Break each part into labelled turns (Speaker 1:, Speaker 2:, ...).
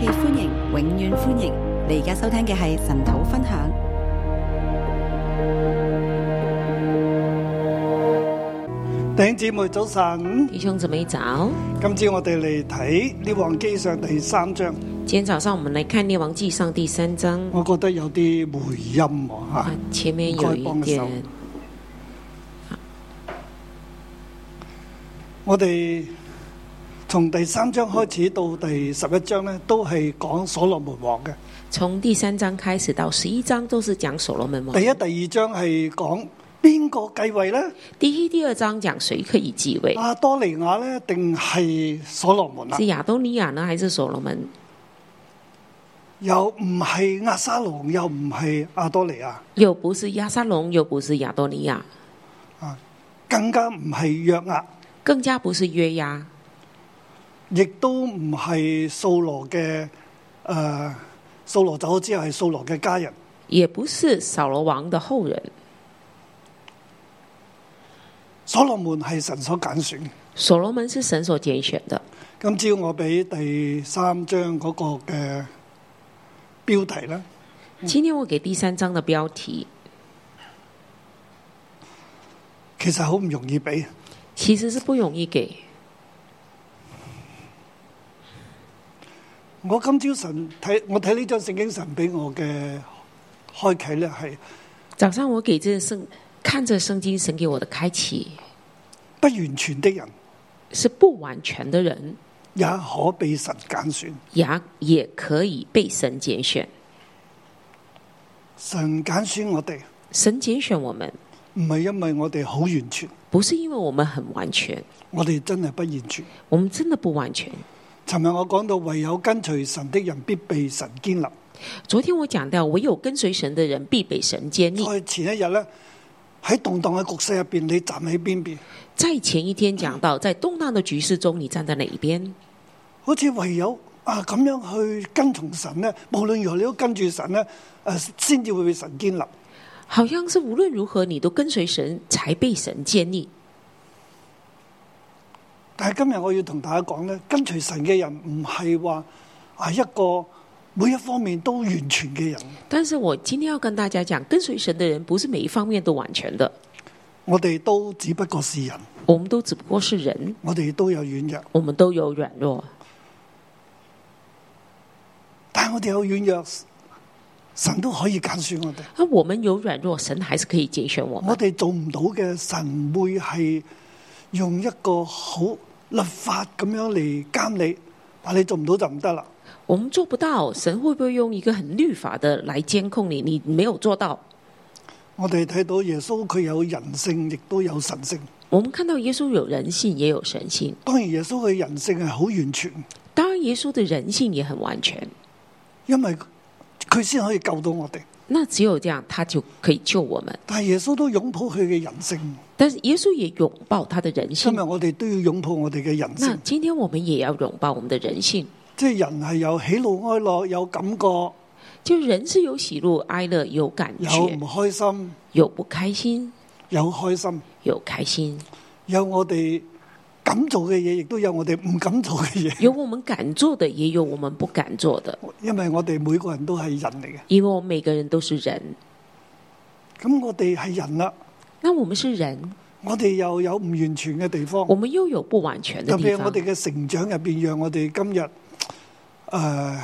Speaker 1: 歡迎，永遠歡迎！你而家收聽嘅係神土分享。弟兄姊妹早晨，弟兄姊妹早。今朝我哋嚟睇《列王紀上》第三章。今天早上我們來看《列王紀上》第三章。我覺得有啲回音啊，前面有一點。我哋。從第三章開始到第十一章咧，都係講所羅門王嘅。從第三章開始到十一章，都是講所羅門王。第一、第二章係講邊個繼位呢？第一、第二章講誰可以繼位？亞多尼亞咧，定係所羅門啊？是亞多尼亞呢，還是所羅門？又唔係亞沙龍，又唔係亞多尼亞，又不是亞沙龍，又不是亞多尼亞，啊，更加唔係約押，更加不是約押。亦都唔係掃羅嘅，誒、呃，掃羅走咗之後係掃羅嘅家人，也不是掃羅王的後人。所羅門係神所揀選，所羅門是神所揀選的。今朝我俾第三章嗰個嘅標題啦。今天我給第三章的標題，嗯、其實好唔容易俾，其實是不容易給。我今朝神睇，我睇呢張聖經神俾我嘅開啟咧，係早上我睇這聖，看着聖經神給我的開啟，不完全的人是不完全的人，也可被神揀選，也也可以被神揀選。神揀選我哋，神揀選我們，唔係因為我哋好完全，不是因為我們很完全，我哋真係不完全，我們真的不完全。尋日我講到唯有跟隨神的人必被神建立。昨天我講到唯有跟隨神的人必被神建立。在前一日呢，喺動盪嘅局勢入邊，你站喺邊邊？在前一天講到，在動盪嘅局勢中，你站在哪一邊？好似唯有啊咁樣去跟從神呢，無論如何你都跟住神呢，誒、呃，先至會被神建立。好像是無論如何你都跟隨神，才被神建立。但係今日我要同大家講咧，跟隨神嘅人唔係話一個每一方面都完全嘅人。但是我今天要跟大家講，跟隨神嘅人不是每一方面都完全的。我哋都只不過是人，我們都只不過是人，我哋都有軟弱，我們都有軟弱。軟弱但係我哋有軟弱，神都可以揀選我哋。啊，我們有軟弱，神還是可以揀選我。我哋做唔到嘅，神會係用一個好。立法咁樣嚟監你，但你做唔到就唔得啦。我們做不到，神會不會用一個很律法的來監控你？你沒有做到。我哋睇到耶穌佢有人性，亦都有神性。我們看到耶穌有人性，也有神性。當然耶穌嘅人性係好完全，當然耶穌的人性也很完全，因為佢先可以救到我哋。那只有這樣，他就可以救我們。但耶穌都擁抱佢嘅人性。但耶穌也擁抱他的人性。今日我哋都要擁抱我哋嘅人性。今天我們也要擁抱我們的人性。即係人係有喜怒哀樂，有感覺。就人是有喜怒哀樂，有感覺。有唔開心，有不開心，有開心，有開心，有開心。有我哋。敢做嘅嘢，亦都有我哋唔敢做嘅嘢。有我們敢做的，也有我們不敢做的。 因為我哋每個人都係人嚟嘅。因為我們每個人都是人。咁我哋係人啦。那我們是人。我哋又有唔完全嘅地方。我們又有不完全的地方。的地方特別我哋嘅成長入邊，讓我哋今日誒。呃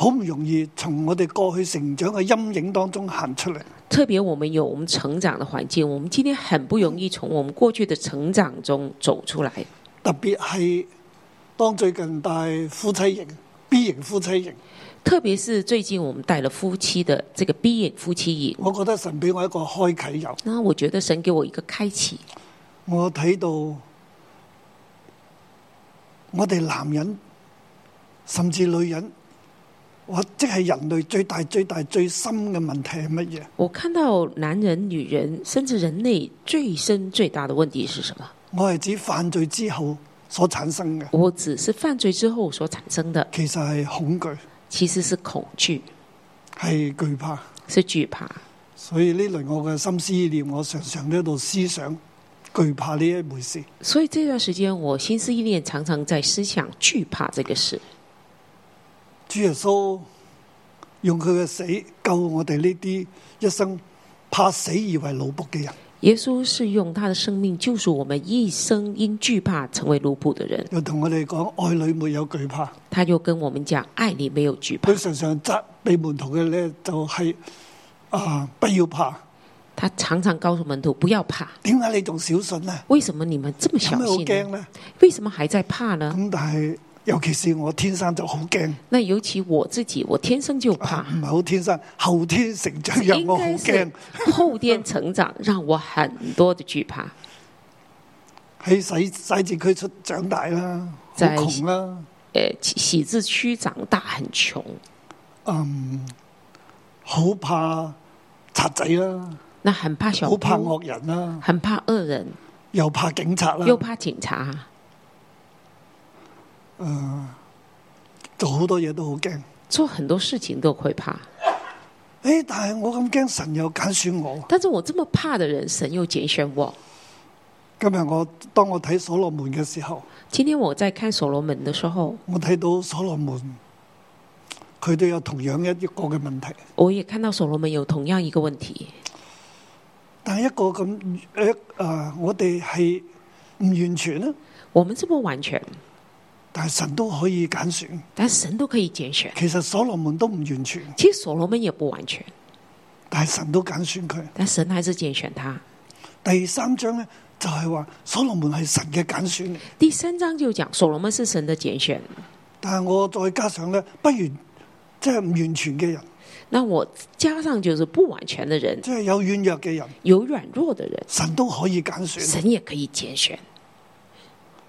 Speaker 1: 好唔容易從我哋過去成長嘅陰影當中行出嚟。特別我們有我們成長的環境，我們今天很不容易從我們過去的成長中走出來。特別係當最近帶夫妻營 B 型夫妻營，特別是最近我們帶了夫妻的這個 B 型夫妻營。我覺得神俾我一個開啟有。那我覺得神給我一個開啟。我睇到我哋男人，甚至女人。我即係人類最大、最大、最深嘅問題係乜嘢？我看到男人、女人，甚至人類最深、最大嘅問題是什麼？我係指犯罪之後所產生嘅。我指是犯罪之後所產生嘅。其實係恐懼，其實是恐懼，係懼怕，是懼怕。所以呢輪我嘅心思意念，我常常喺度思想懼怕呢一回事。所以這段時間，我心思意念常常在思想懼怕這個事。主耶穌用佢嘅死救我哋呢啲一生怕死而為奴僕嘅人。耶穌是用他的生命救贖我們一生因懼怕成為奴僕嘅人。又同我哋講，愛裏沒有懼怕，他就跟我們講，愛裏沒有懼怕。佢常常責備門徒嘅，咧就係啊，不要怕。他常常告訴門徒不要怕。點解你仲小信呢？為什麼你們這麼小信呢？呢為什麼還在怕呢？咁但係，尤其是我天生就好驚。那尤其我自己，我天生就怕。唔係好天生，後天成長讓我好驚。後天成長 讓我很多的懼怕。喺徙置區出長大啦，窮啦。誒、呃，徙置區長大很窮。嗯，好怕賊仔啦。那很怕小偷，好怕惡人啦。很怕惡人，又怕警察啦。又怕警察。做好多嘢都好驚，做很多事情都會怕。但係我咁驚，神又揀選我。但是我這麼怕的人，神又揀選我。今日我當我睇所羅門嘅時候，今天我在看所羅門的時候，我睇到所羅門，佢都有同樣一個嘅問題。我亦看到所羅門有同樣一個問題，但係一個咁誒，我哋係唔完全呢？我們這麼完全啊。但係神都可以揀選，但神都可以揀選。其實所羅門都唔完全，其實所羅門也不完全，但係神都揀選佢。但神還是揀選他。第三章咧就係話所羅門係神嘅揀選。第三章就講所羅門是神的揀選。但係我再加上咧，不完，即係唔完全嘅人。那我加上就是不完全的人，即係有軟弱嘅人，有軟弱嘅人，神都可以揀選，神也可以揀選。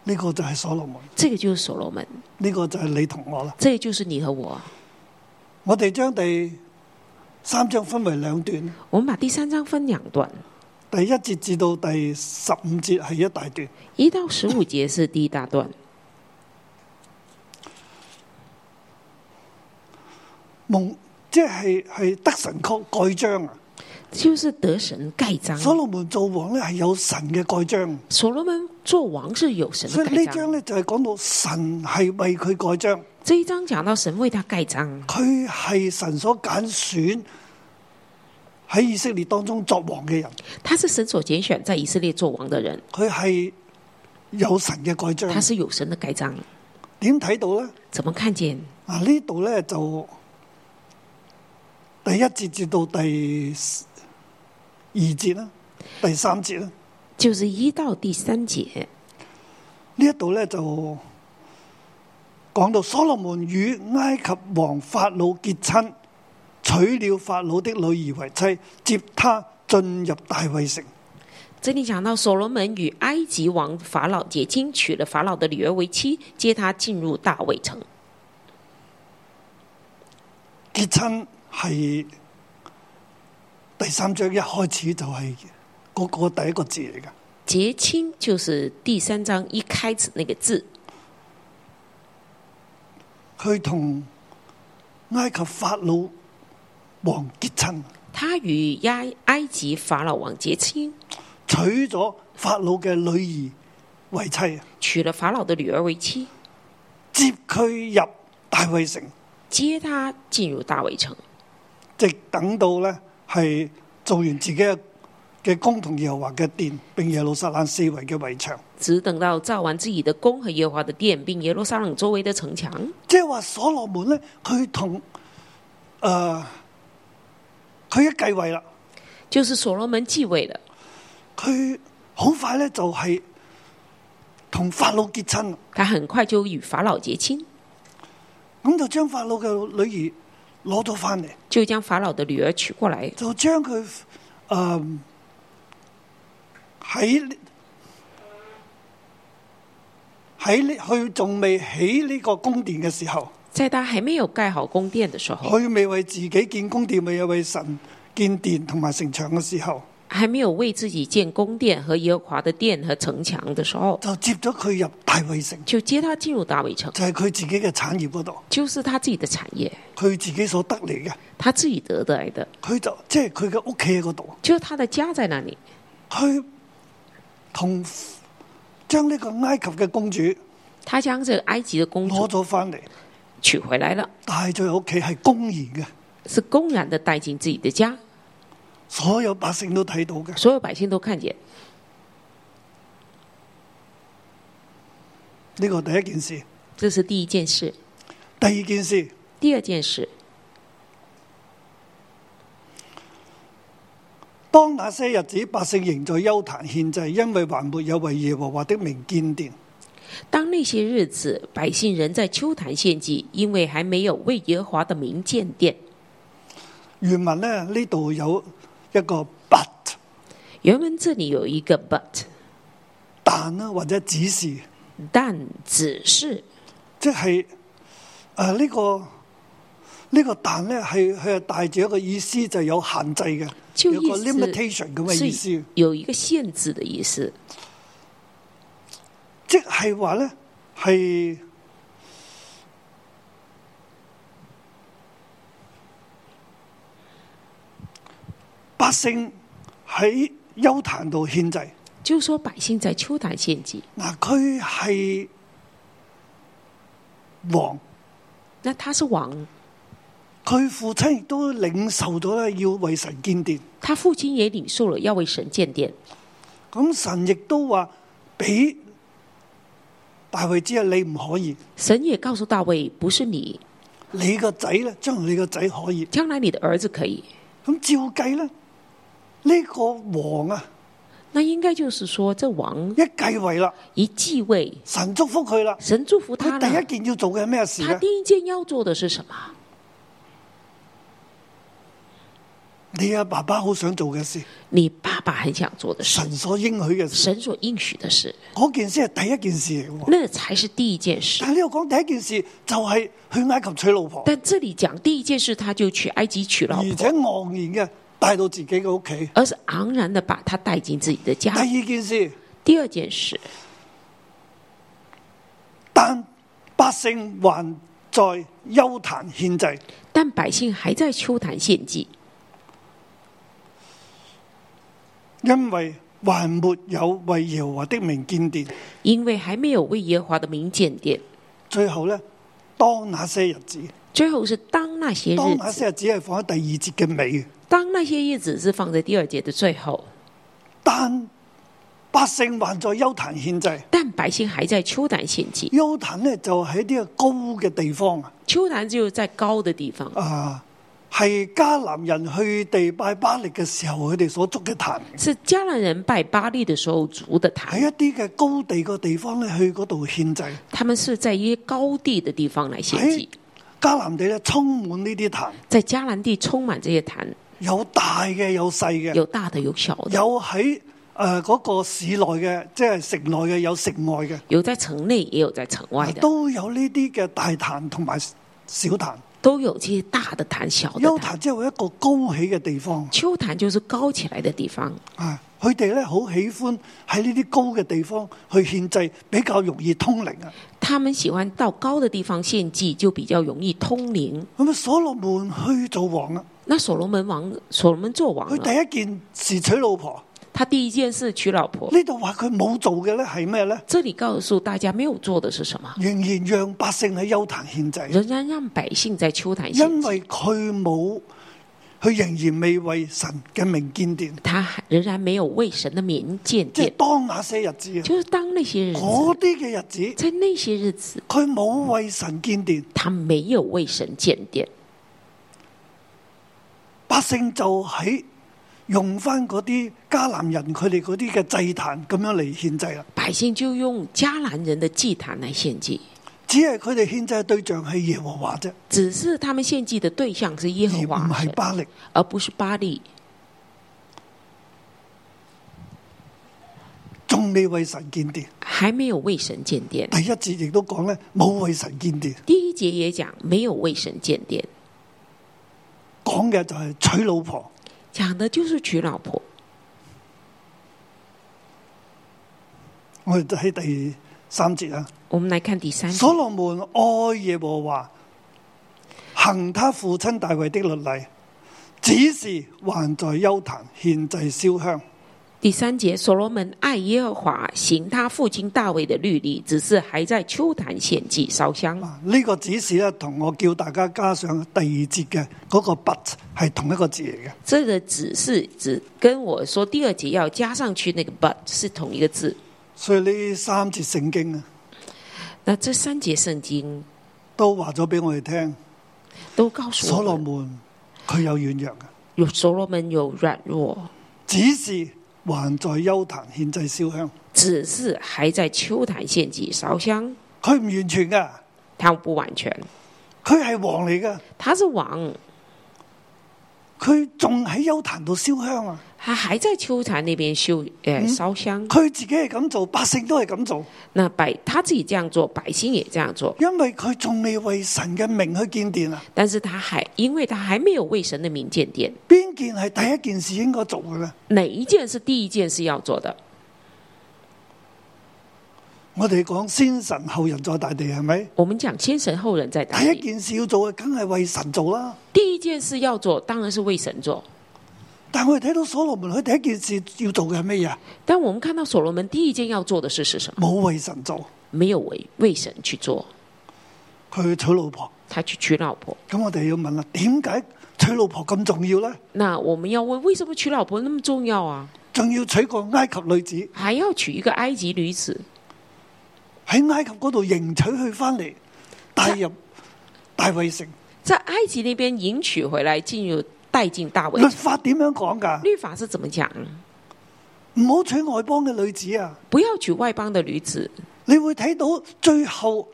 Speaker 1: 呢個就係所羅門，這個就是所羅門。呢個就係你同我啦，這也就是你和我。我哋將第三章分為兩段，我們把第三章分兩段。第一節至到第十五節係一大段，一到十五節是第一大段。夢 即係係德神曲改章、啊。就是得神蓋章。所羅門做王呢係有神嘅蓋章。所羅門做王是有神的蓋章。所以呢章呢就係講到神係為佢蓋章。這一章講到神為他蓋章。佢係神所揀選喺以色列當中作王嘅人。他是神所揀選在以色列作王嘅人。佢係有神嘅蓋章。他是有神嘅蓋章。點睇到呢？怎麼看見？啊呢度呢就第一節至到第四。二節啦，第三節啦，就是一到第三節呢，一度咧，就講到所羅門與埃及王法老結親，娶了法老的女兒為妻，接他進入大衛城。這裡講到所羅門與埃及王法老結親，娶了法老的女兒為妻，接他進入大衛城。結親係。第三章一開始就係嗰個第一個字嚟㗎，結親就是第三章一開始那個字。佢同埃及法老王結親，他與埃及法老王結親，娶咗法老嘅女兒為妻，娶咗法老的女兒為妻，為妻接佢入大衛城，接他進入大衛城，直等到呢。係做完自己嘅宮同耶和華嘅殿，並耶路撒冷四圍嘅圍牆。只等到造完自己嘅宮和耶和華的殿，並耶路撒冷周圍嘅城牆。即係話所羅門咧，佢同誒佢、呃、一繼位啦，就是所羅門繼位了。佢好快咧就係、是、同法老結親。佢很快就與法老結親。咁就將法老嘅女兒。攞到返嚟，就將法老嘅女兒娶過嚟。就將佢，嗯、呃，喺喺佢仲未起呢個宮殿嘅時候，在他還沒有蓋好宮殿嘅時候，佢未為自己建宮殿，未有為神建殿同埋城牆嘅時候，還沒有為自己建宮殿和耶和華的殿和城牆的時候，就接咗佢入大衛城，就接他進入大衛城，就係佢自己嘅產業嗰度，就是他自己嘅產,產業，佢自己所得嚟嘅，他自己得嚟嘅。佢就即係佢嘅屋企喺嗰度，就佢、是、嘅家，家在那裏，佢同將呢個埃及嘅公主，他將這個埃及嘅公主攞咗翻嚟，取回來了，帶咗喺屋企係公然嘅，是公然嘅，帶進自己嘅家。所有百姓都睇到嘅，所有百姓都看見。呢個第一件事，這是第一件事。第，件事第二件事，第二件事。當那些日子，百姓，些日子百姓仍在丘壇獻祭，因為還沒有為耶和華的名建殿。當那些日子百姓仍在丘壇獻祭，因為還沒有為耶和華的名建殿。原文呢？呢度有。一個 but，原文這裏有一個 but，但呢或者只是，但只是，即係，誒、呃、呢、呢個呢個但咧係佢係帶住一個意思就有限制嘅，有個 limitation 咁嘅意思，有一個限制嘅意思，有一個意思即係話咧係。百姓喺丘壇度獻祭，就說百姓在丘壇獻祭。嗱，佢係王，那他是王，佢父親亦都領受咗咧，要為神建殿。他父親也領受咗，要為神建殿。咁神亦都話俾大衛知啊，你唔可以。神也告訴大衛，不是你，你個仔咧，將來你個仔可以，將來你的兒子可以。咁照計咧。呢個王啊，那應該就是說，這王一繼位啦，一繼位，神祝福佢啦，神祝福他，福他第一件要做嘅係咩事？他第一件要做嘅是什麼？你阿爸爸好想做嘅事，你爸爸很想做嘅事，神所應許嘅神所應許的事，嗰件事係第一件事，嚟，那才是第一件事。但你又講第一件事就係去埃及娶老婆，但這裏講第一件事，他就去埃及娶，娶老婆，而且昂然嘅。.帶到自己嘅屋企，而是昂然的把他帶進自己的家，的家。第二件事，第二件事，但百姓還在邱壇獻祭，但百姓還在邱壇獻祭，因為還沒有為耶和華的名建殿，因為還沒有為耶和華的名建殿。最後呢，當那些日子，最後是當那些日子，當那些日子係放喺第二節嘅尾。當那些日子是放在第二節的最後，但百姓還在丘壇獻祭，但百姓還在丘壇獻祭。丘壇咧就喺啲嘅高嘅地方啊，丘壇就在高嘅地方啊，係迦南人去地拜巴力嘅時候，佢哋所築嘅壇，是迦南人拜巴力嘅時候築嘅壇，喺一啲嘅高地嘅地方咧，去嗰度獻祭，他們是在一高地嘅地方嚟獻祭。迦南地咧充滿呢啲壇，在迦南地充滿這些壇。有大嘅，有細嘅；有大嘅，有小嘅；嘅。有喺誒嗰個市內嘅，即係城內嘅，有城外嘅；有在城內，也有在城外嘅；都有呢啲嘅大壇同埋小壇；都有啲大嘅壇，小嘅。嘅丘壇即係一個高起嘅地方。丘壇就是高起來嘅地方。啊，佢哋咧好喜歡喺呢啲高嘅地方去獻祭，比較容易通靈啊。他們喜歡到高嘅地方獻祭，就比較容易通靈。咁啊，所羅門去做王啊！那所羅門王，所羅門做王了。佢第一件事娶老婆。他第一件事娶老婆。呢度話佢冇做嘅咧，係咩咧？這裏告訴大家，沒有做的是什麼？仍然讓百姓喺丘壇獻祭。仍然讓百姓在丘壇獻祭。因為佢冇，佢仍然未為神嘅名建殿。他仍然沒有為神嘅名建殿。即當那些日子，就是當那些日子嗰啲嘅日子，在那些日子，佢冇為神建殿。他沒有為神建殿。嗯百姓就喺用翻嗰啲迦南人佢哋嗰啲嘅祭壇咁樣嚟獻祭啦。百姓就用迦南人的祭壇嚟獻祭，只係佢哋獻祭嘅對象係耶和華啫。只是他們獻祭嘅對象是耶和華，唔係巴力，而不是巴力。仲未為神建殿，還沒有為神建殿。第一節亦都講呢，冇為神建殿。第一節也講，沒有為神建殿。講嘅就係娶老婆，講的就是娶老婆。我哋就係第三節啊。我們來看第三節。所羅門愛耶和華，行他父親大衛的律例，只是還在邱壇獻祭燒香。第三節，所羅門愛耶和華，行他父親大衛的律例，只是還在丘壇獻祭燒香。呢個指示咧，同我叫大家加上第二節嘅嗰個 but 係同一個字嚟嘅。這個指示指跟我說第二節要加上去，那個 but 是同一個字。所以呢三節聖經啊，那這三節聖經都話咗俾我哋聽，都告訴，我都告訴我所羅門佢有軟弱嘅，有所羅門有軟弱，只是。還在幽壇獻祭燒香，只是還在秋壇獻祭燒香，佢唔完全㗎，他不完全，佢係王嚟㗎，他是王，佢仲喺幽壇度燒香啊！他還在邱壇那邊修誒燒香，佢、嗯、自己係咁做，百姓都係咁做。那百他自己這樣做，百姓也這樣做。因為佢從未為神嘅名去建殿。啊。但是他還，因為他還沒有為神的名建殿。邊件係第一件事應該做嘅呢？哪一件是第一件事要做的？我哋講先神後人在大地，係咪？我們講先神後人在大地。第一件事要做嘅，梗係為神做啦。第一件事要做，當然是為神做。但我哋睇到所羅門，佢第一件事要做嘅係咩嘢？但我們看到所羅門第一件要做嘅事是什麼？冇為神做，沒有為為神去做。佢娶老婆，他去娶老婆。咁我哋要問啦，點解娶老婆咁重要咧？嗱，我們要問，為什麼娶老婆那麼重要啊？仲要娶個埃及女子，還要娶一個埃及女子，喺埃及嗰度迎娶佢翻嚟，帶入但大衛城。在埃及呢邊迎娶回來，進入。帶進大衛。律法點樣講㗎？律法是怎麼講？唔好娶外邦嘅女子啊！不要娶外邦嘅女子。你會睇到最後，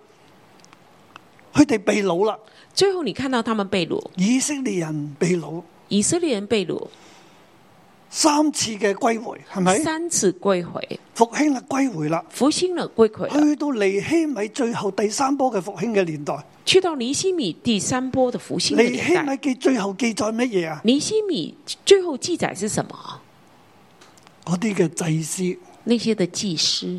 Speaker 1: 佢哋被擄啦。最後你看到他們被擄，以色列人被擄，以色列人被擄。三次嘅歸回係咪？三次歸回，復興啦，歸回啦，復興啦，歸回啦。去到尼希米最後第三波嘅復興嘅年代，去到尼希米第三波嘅復興。尼希米記最後記載乜嘢啊？尼希米最後記載是什麼？嗰啲嘅祭司，那些嘅祭司，祭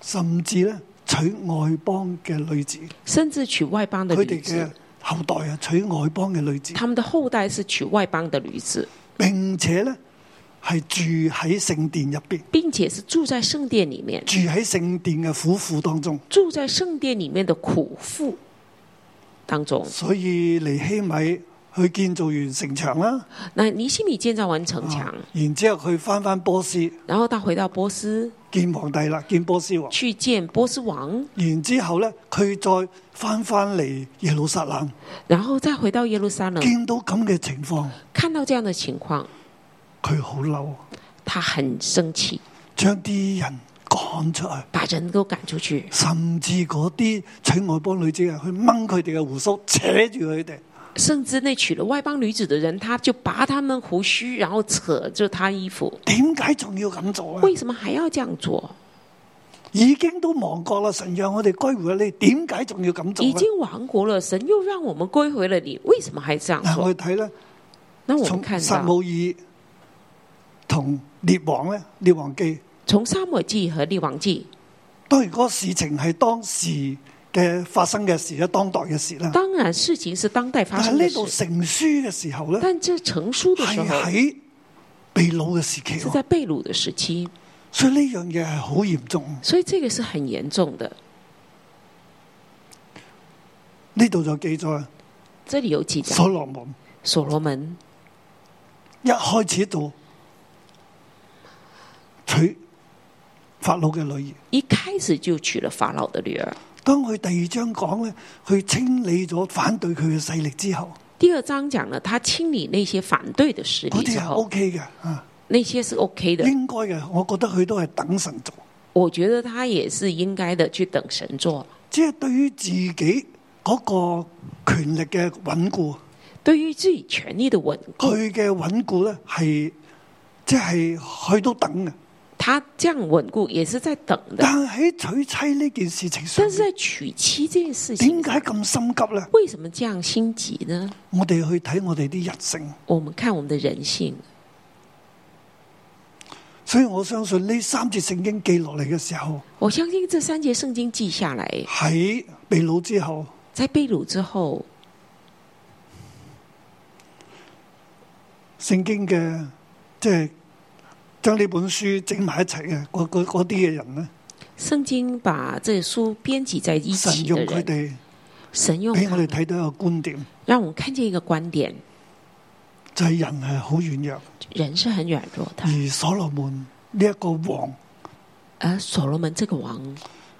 Speaker 1: 司甚至咧娶外邦嘅女子，甚至娶外邦嘅女子。後代啊，娶外邦嘅女子，他們的後代是娶外邦的女子，並且咧係住喺聖殿入邊，並且是住在聖殿裏面，住喺聖殿嘅苦婦當中，住在聖殿裏面的苦婦當中，所以尼希米。去建造完城牆啦，嗱，尼西米建造完城牆，啊，然之後佢翻翻波斯，然後他回到波斯見皇帝啦，見波斯王，去見波斯王，啊、然之後咧佢再翻翻嚟耶路撒冷，然後再回到耶路撒冷，見到咁嘅情況，看到這樣嘅情況，佢好嬲，他很生氣，將啲人趕出去，把人都趕出去，甚至嗰啲娶外邦女子啊，去掹佢哋嘅鬍鬚，扯住佢哋。甚至那娶了外邦女子的人，他就拔他們鬍鬚，然後扯着他衣服。點解仲要咁做啊？為什麼還要這樣做？已經都亡國啦，神讓我哋歸回你，點解仲要咁做？已經亡國了，神又讓我們歸回了你，為什麼還要這樣做？嗱，我睇咧，
Speaker 2: 那我們看，撒母
Speaker 1: 耳同列王呢？列王記，從撒母耳記和列王記，都如果事情係當時。嘅發生嘅事咧，當代嘅事啦。當然，事情是當代發生的。但呢度成書嘅時候咧，但這成書嘅時候係喺被擄嘅時期。是在被擄嘅時期。時，所以呢樣嘢係好嚴重。所以呢個是很嚴重嘅。呢度就記載。這裏有記載。所羅門，所羅門，一開始度娶法老嘅女兒，一開始就娶了法老嘅女兒。當佢第二章講咧，去清理咗反對佢嘅勢力之後，第二章講咧，他清理那些反對嘅勢力，我哋係 O K 嘅，啊，那些是 O K 嘅，是 okay、的應該嘅，我覺得佢都係等神做，我覺得他也是應該的去等神做，即係對於自己嗰個權力嘅穩固，對於自己權力的穩固，佢嘅穩固咧係，即係佢都等嘅。他這樣穩固，也是在等的。但喺娶妻呢件事情上，但是在娶妻呢件事情，點解咁心急呢？為什麼這樣心急呢？我哋去睇我哋啲人性，我們看我們嘅人性。所以我相信呢三節聖經記落嚟嘅時候，我相信這三節聖經記下來喺秘魯之後，在秘魯之後，聖經嘅即係。將呢本書整埋一齊嘅，嗰啲嘅人呢，聖經把這書編輯在一起嘅，神用佢哋，神用俾我哋睇到一個觀點，讓我們看見一個觀點，就係人係好軟弱，人是很軟弱，而所羅門呢一個王，啊，所羅門這個王，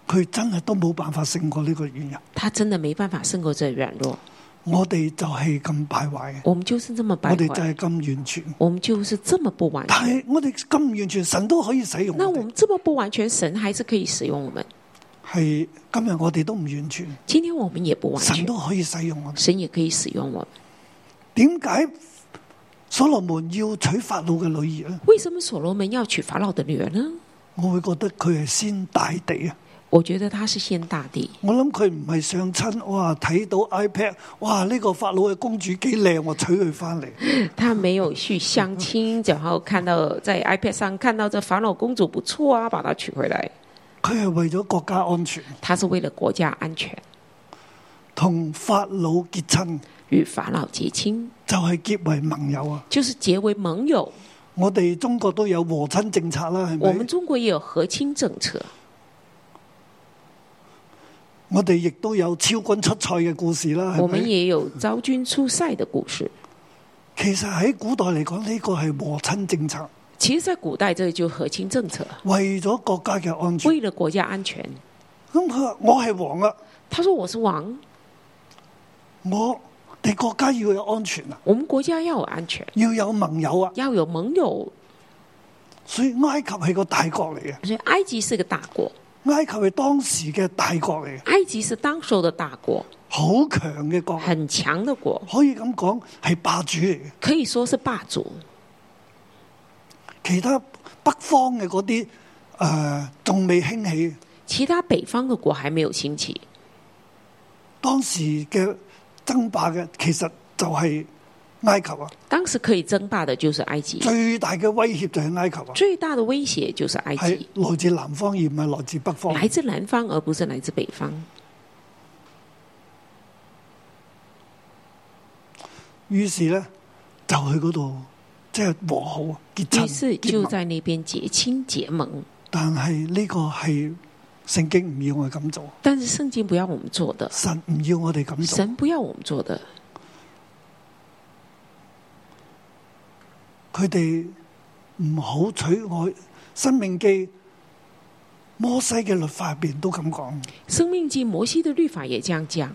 Speaker 1: 佢真係都冇辦法勝過呢個軟弱，他真的冇辦法勝過這軟弱。我哋就係咁敗壞嘅，我哋就係咁完全，我們就是這麼不完全。但係我哋咁完全，神都可以使用我哋。那我們咁不完全，神還是可以使用我們。係今日我哋都唔完全，今天我們也不完全。神都可以使用我哋，神也可以使用我們。點解所羅門要娶法老嘅女兒呢？為什麼所羅門要娶法老嘅女兒呢？我會覺得佢係先大地啊。我覺得他是先大帝。我諗佢唔係相親，哇睇到 iPad，哇呢個法老嘅公主幾靚，我娶佢翻嚟。他沒有去相親，然後看到在 iPad 上看到這法老公主不錯啊，把她娶回來。佢係為咗國家安全。他是為了國家安全，安全同法老結親，與法老結親，就係結為盟友啊。就是結為盟友。盟友我哋中國都有和親政策啦，係咪？我們中國也有和親政策。我哋亦都有昭君出塞嘅故事啦。我哋也有昭君出塞嘅故事。其實喺古代嚟講，呢、這個係和親政策。其實，喺古代即係叫和親政策。為咗國家嘅安全。為了國家安全。咁佢話我係王啊。他說我是王，啊。我哋國家要有安全啊。我哋國家要有安全。要有盟友啊。要有盟友。所以埃及係個大國嚟嘅。所以埃及是個大國的。埃及係當時嘅大國嚟嘅，埃及是當時嘅大國，好強嘅國，很強嘅國，可以咁講係霸主嚟嘅，可以說是霸主。其他北方嘅嗰啲，誒仲未興起，其他北方嘅國還未有興起。當時嘅爭霸嘅其實就係、是。埃及啊，當時可以爭霸的就是埃及，最大嘅威脅就係埃及。啊，最大的威脅就是埃及，來自南方而唔係來自北方。來自南方而不是來自北方。於是呢，就去嗰度即係和好啊，結親，結盟。於是就在那邊結親結盟。但係呢個係聖經唔要我哋咁做。但是聖經不要我們做的，神唔要我哋咁做，神不要我們做的。佢哋唔好娶外生命記摩西嘅律法入邊都咁講。生命記摩西嘅律法也這樣講。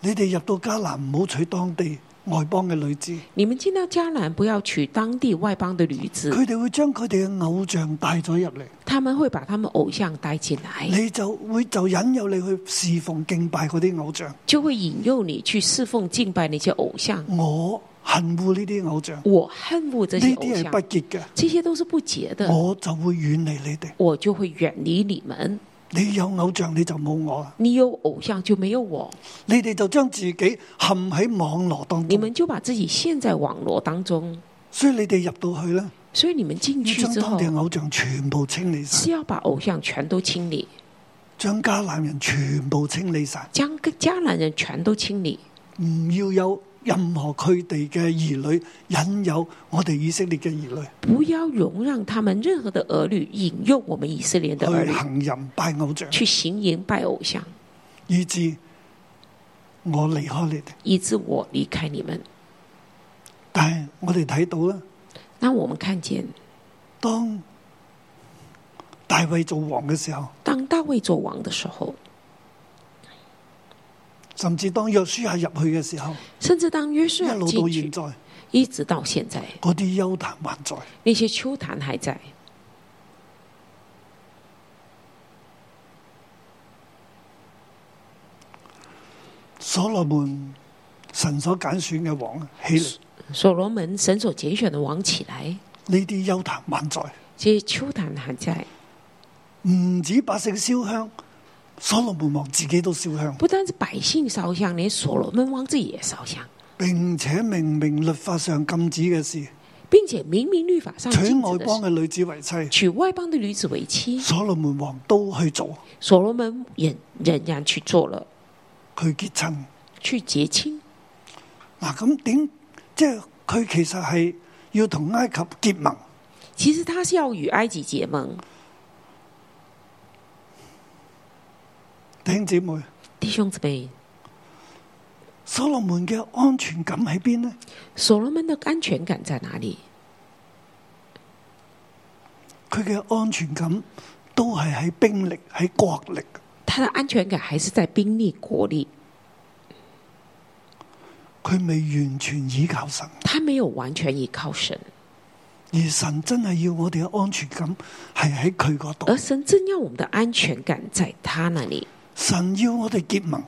Speaker 1: 你哋入到迦南唔好娶當地外邦嘅女子。你們見到迦南不要娶當地外邦嘅女子。佢哋會將佢哋嘅偶像帶咗入嚟。他們會把他們的偶像帶進嚟，你就會就引誘你去侍奉敬拜嗰啲偶像。就會引誘你去侍奉敬拜那些偶像。我。恨污呢啲偶像，我恨污這些偶像，這些都是不潔的，我就會遠離你哋，我就會遠離你們。你有偶像你就冇我，你有偶像就沒有我。你哋就將自己陷喺網絡當中，你們就把自己陷在網絡當中。所以你哋入到去啦，所以你們進去之後，將當地偶像全部清理晒，是要把偶像全都清理，將迦南人全部清理晒，將迦南人全都清理，唔要有。任何佢哋嘅兒女引誘我哋以色列嘅兒女，不要容讓他們任何嘅兒女引誘我們以色列的兒女去行淫拜偶像，去行淫拜偶像，以致我離開你，以致我離開你們。但係我哋睇到啦，當我們看見當大衛做王嘅時候，當大衛做王嘅時候。甚至，甚至當約書亞入去嘅時候，甚至當約書亞一路到現在，一直到現在，嗰啲丘壇還在，呢些丘壇還在。所羅門神所揀選嘅王起所羅門神所揀選嘅王起來，呢啲丘壇還在，即係丘壇還在,唔止百姓燒香。所羅門王自己都燒香，不單是百姓燒香，連所羅門王自己也燒香，並且明明律法上禁止嘅事，並且明明律法上娶外邦嘅女子為妻，娶外邦嘅女子為妻，所羅門王都去做，所羅門也仍然去做了，佢結親，去結親。嗱咁點即係佢其實係要同埃及結盟，其實他是要與埃及結盟。弟兄姊妹，弟兄姊妹，所羅門嘅安全感喺邊呢？所羅門嘅安全感在哪裏？佢嘅安全感都係喺兵力、喺國力。佢嘅安全感還是在兵力、國力。佢未完全依靠神，他沒有完全倚靠神。而神真係要我哋嘅安全感係喺佢嗰度，而神真要我哋嘅安全感喺他那裏。神要我哋結盟，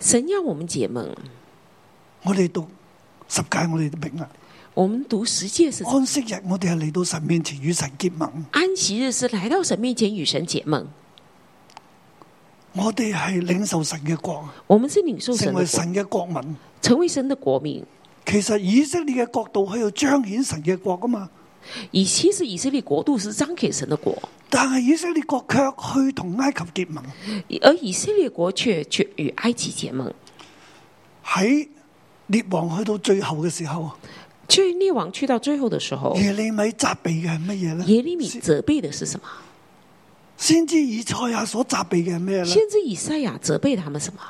Speaker 1: 神要我哋結盟，我哋讀十誡，我哋都明啦。我哋讀十誡是安息日，我哋係嚟到神面前與神結盟。安息日是嚟到神面前與神結盟，我哋係領受神嘅國。我哋是領受神嘅國民，成為神嘅國民，成為神嘅國民。其實以色列嘅國度喺度彰顯神嘅國噶嘛。而其實以色列國度是張克神的國，但係以色列國卻去同埃及結盟，而以色列國卻，卻與埃及結盟。喺列王去到最後嘅時候，最列王去到最後的時候，耶利米責備嘅係乜嘢咧？耶利米責備的是什麼？先知以賽亞所責備嘅係咩？先知以賽亞責備他們什麼？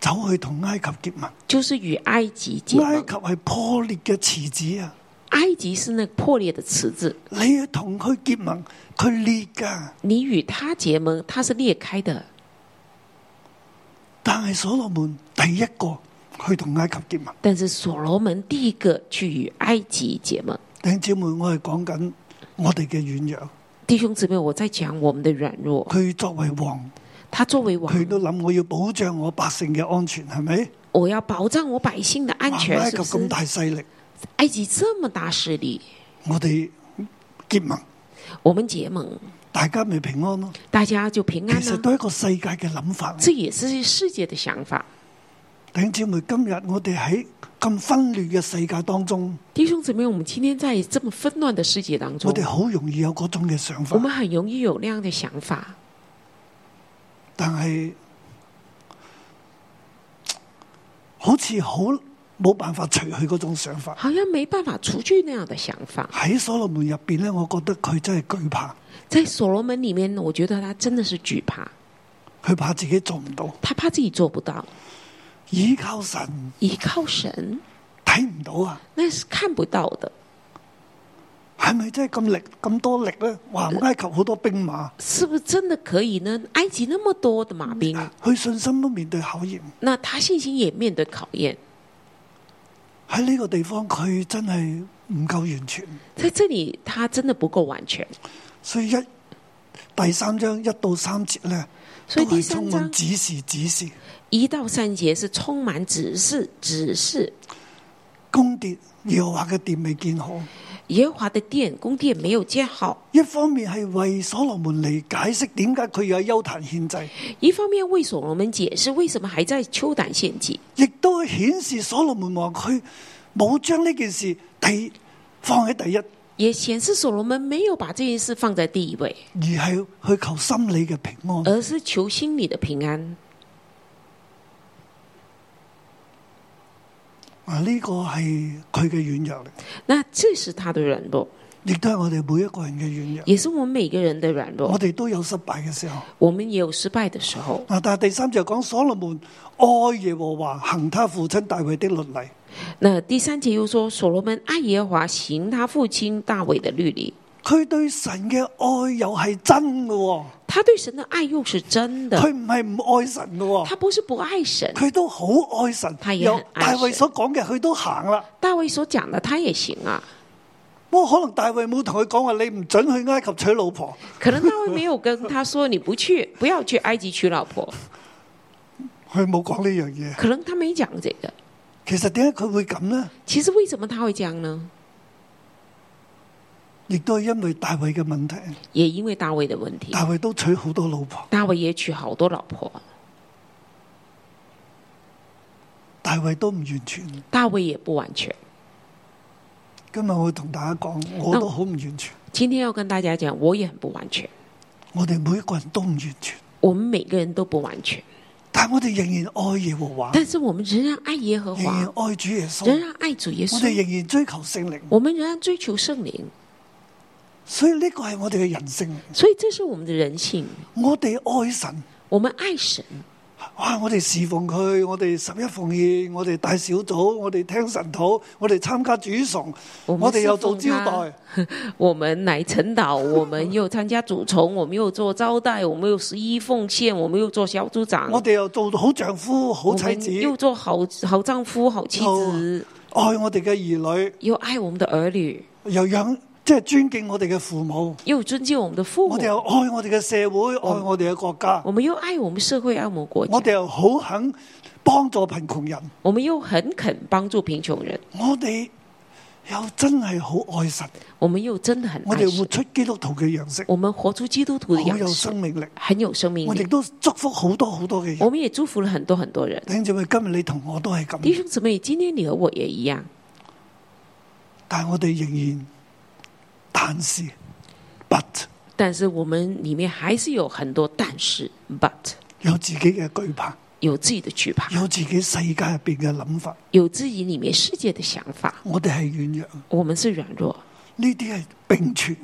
Speaker 1: 走去同埃及結盟，就是與埃及結盟。埃及係破裂嘅池子啊埃及是那破裂的池子，你要同佢結盟，佢裂噶。你與他結盟，他是裂開的。但係所羅門第一個去同埃及結盟，但是所羅門第一個去與埃及結盟。弟兄姊妹，我係講緊我哋嘅軟弱。弟兄姊妹，我在講我們的軟弱。佢作為王，他作為王，佢都諗我要保障我百姓嘅安全，係咪？我要保障我百姓嘅安全。說埃及咁大勢力。埃及這麼大勢力，我哋結盟，我們結盟，大家咪平安咯，大家就平安。其實都係一個世界嘅諗法，這也是世界嘅想法。弟兄姊妹，今日我哋喺咁紛亂嘅世界當中，弟兄姊妹，我們今天在這麼紛亂嘅世界當中，我哋好容易有嗰種嘅想法，我們很容易有那樣嘅想法，但係好似好。冇辦法除去嗰種想法，好像沒辦法除去那樣的想法。喺所羅門入面呢，我覺得佢真係懼怕。在所羅門裏面，我覺得他真的是懼怕，佢怕自己做唔到，他怕自己做不到。依靠神，依靠神，睇唔到啊！那是看不到的。係咪真係咁力咁多力呢？哇！埃及好多兵馬，是不是真的可以呢？埃及那麼多的馬兵馬，佢信心都面對考驗。那他信心也面對考驗。喺呢個地方，佢真係唔夠完全。即在這裏，他真的不夠完全。所以一第三章一到三節咧，都係充滿指示指示。一到三節是充滿指示指示。宮殿要畫嘅殿未建好。耶華的殿宮殿沒有建好，一方面係為所羅門嚟解釋點解佢有丘壇獻祭，一方面為所羅門解釋為什麼還在丘壇獻祭。亦都顯示所羅門王佢冇將呢件事第放喺第一，也顯示所羅門沒有把這件事放在第一位，而係去求心理嘅平安，而是求心理的平安。啊！呢個係佢嘅軟弱咧。那這是他的軟弱，亦都係我哋每一個人嘅軟弱，也是我們每一個人嘅軟弱。我哋都有失敗嘅時候，我哋也有失敗嘅時候。啊！但係第三節講所羅門愛耶和華，行他父親大衛的律例。那第三節又說所羅門愛耶和華，行他父親大衛嘅律例。佢對神嘅愛又係真嘅，哦，佢對神嘅愛又是真的。佢唔係唔愛神嘅，哦，他不是不愛神，佢都好愛神。又大，大衛所講嘅，佢都行啦。大衛所講嘅，他也行啊。不過可能大衛冇同佢講話，你唔准去埃及娶老婆。可能大衛沒有跟他說你不去，不要去埃及娶老婆。佢冇講呢樣嘢，可能他沒講這個。其實點解佢會咁呢？其實為什麼他會講呢？亦都係因為大衛嘅問題，也因為大衛嘅問題。大衛都娶好多老婆，大衛也娶好多老婆。大衛都唔完全，大衛也不完全。今日我會同大家講，我都好唔完全。今天要跟大家講，我也很不完全。我哋每一個人都唔完全，我們每個人都不完全，但是我哋仍然愛耶和華。但是我哋仍然愛耶和華，仍然愛主耶穌，仍然愛主耶穌，我哋仍然追求聖靈，我們仍然追求聖靈。所以呢個係我哋嘅人性，所以這是我們嘅人性。我哋愛神，我們愛神。愛神哇！我哋侍奉佢，我哋十一奉獻，我哋帶小組，我哋聽神道，我哋參加主崇，我哋又做招待。我們嚟陳道，我們又參加主崇，我們又做招待， 我們又十一奉獻，我們又做小組長。我哋又做好丈夫、好妻子，又做好好丈夫、好妻子，愛我哋嘅兒女，又愛我們的兒女，又養。即係尊敬我哋嘅父母，又尊敬我哋嘅父母。我哋又愛我哋嘅社會，愛我哋嘅國家。我哋又愛我們社會，愛我國家。我哋又好肯幫助貧窮人，我哋又很肯幫助貧窮人。我哋又真係好愛神，我們又真的很愛神。我哋活出基督徒嘅樣式，我們活出基督徒嘅，好有生命力，很有生命力。命力，我哋都祝福好多好多嘅人，我哋也祝福了很多很多人。弟兄姊妹，今日你同我都係咁。弟兄姊妹，今天你和我也一樣，但係我哋仍然。但是，but，但是我們裏面還是有很多但是，but，有自己嘅懼怕，有自己嘅懼怕，有自己世界入邊嘅諗法，有自己裏面世界嘅想法。我哋係軟弱，我們是軟弱，呢啲係並存，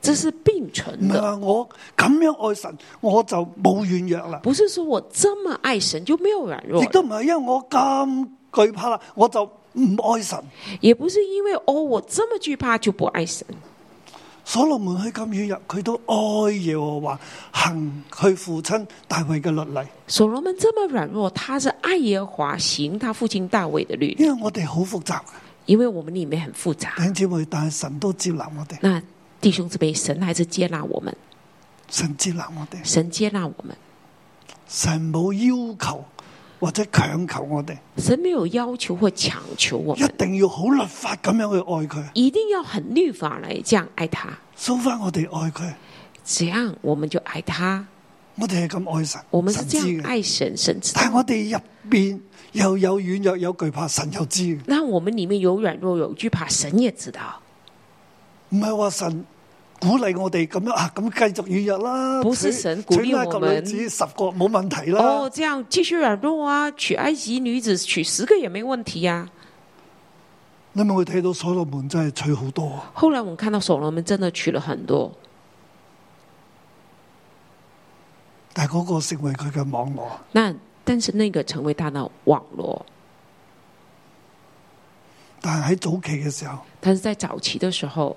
Speaker 1: 這是並存的。唔係話我咁樣愛神，我就冇軟弱啦。不是說我這麼愛神就沒有軟弱，亦都唔係因為我咁懼怕啦，我就唔愛神。也不是因為哦，我這麼懼怕就不愛神。所羅門去咁軟弱，佢都愛耶和華，行佢父親大衛嘅律例。所羅門這麼軟弱，他是愛耶和華，行他父親大衛嘅律例。因為我哋好複雜，因為我們裏面很複雜。弟兄姊妹，但係神都接納我哋。那弟兄姊妹，神還是接納我們？神接納我哋。神接納我們。神冇要求，或者強求我哋，神沒有要求或強求我哋，一定要好律法咁樣去愛佢，一定要很律法嚟這樣愛他，做翻我哋愛佢，這樣我們就愛他。我哋係咁愛神，我們係這樣愛神，神知。但係我哋入邊又有軟弱，有懼怕，神又知。那我們裏面有軟弱、有懼怕，神也知道。唔係話神。鼓勵我哋咁樣啊，咁繼續預約啦。不是神鼓勵我們，取十個冇問題啦。哦，這樣繼續軟弱啊，娶埃及女子娶十個也沒問題呀，啊。你咪會睇到所羅門真係娶好多啊。後來我們看到所羅門真的娶了很多，但係嗰個成為佢嘅網絡。那但是那個成為他的網絡，但係喺早期嘅時候，但是在早期嘅時候。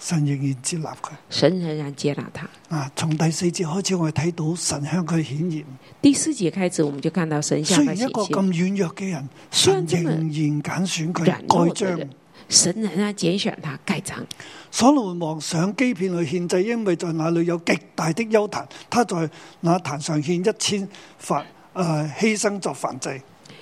Speaker 1: 神仍然接納佢，神仍然接納他。啊，從第四節開始，我哋睇到神向佢顯現。第四節開始，我們就看到神向佢顯現。雖然一個咁軟弱嘅人，神仍然揀選佢蓋章。神仍然揀選他蓋章。所羅門王上基遍去獻祭，因為在那裏有極大的邱壇，他在那壇上獻一千法、誒、呃、犧牲作燔祭。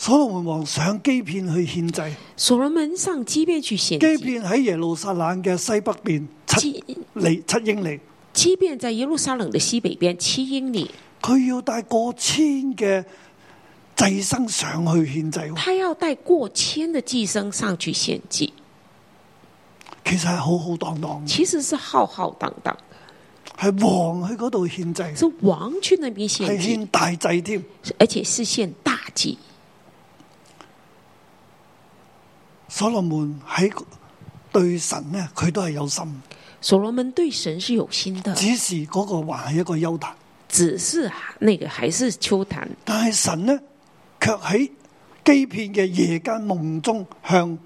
Speaker 1: 所羅門王上基遍去獻祭，所羅門上基遍去獻祭，基遍喺耶路撒冷嘅西北邊七里七英里，基遍在耶路撒冷嘅西，西北邊七英里，佢要帶過千嘅祭牲上去獻祭，他要帶過千嘅祭牲上去獻祭，其實係浩浩蕩蕩，其實是浩浩蕩蕩，係王去嗰度獻祭，是王去那邊獻祭，獻大祭添，而且是獻大祭。所羅門喺對神呢，佢都係有心。所羅門對神是有心的，只是嗰個還係一個邱壇。只是，那個還是邱壇。但係神呢，卻喺基遍嘅夜間夢中向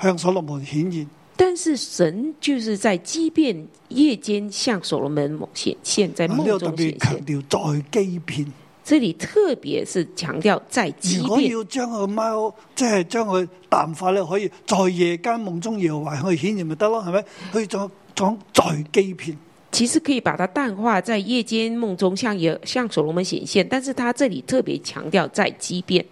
Speaker 1: 向所羅門顯現。但是神就是在基遍夜間向所羅門顯現，現，在夢中顯現，強調再基遍。這個這裡特別是強調在基遍。如果要將個貓即係將佢淡化咧，可以在夜間夢中耶和華去顯現咪得咯，係咪？可以講講在基遍。其實可以把它淡化，在夜間夢中向所羅門顯現，但是它這裡特別強調在基遍。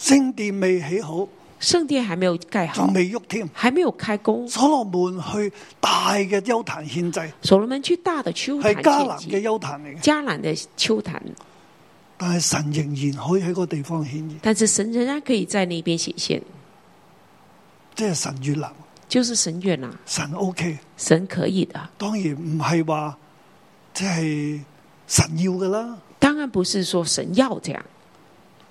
Speaker 1: 聖殿未起好，聖殿還沒有蓋好，仲未喐添，還沒有開工。所羅門去大嘅丘壇獻祭，所羅門去大的丘壇獻祭，迦南嘅丘壇嚟，迦南嘅丘壇。但係神仍然可以喺個地方顯現，但是神仍然可以在那邊顯現，即係神願啦，就是神願啦，神 OK，神可以的，當然唔係話即係神要嘅啦，當然不是說神要這樣。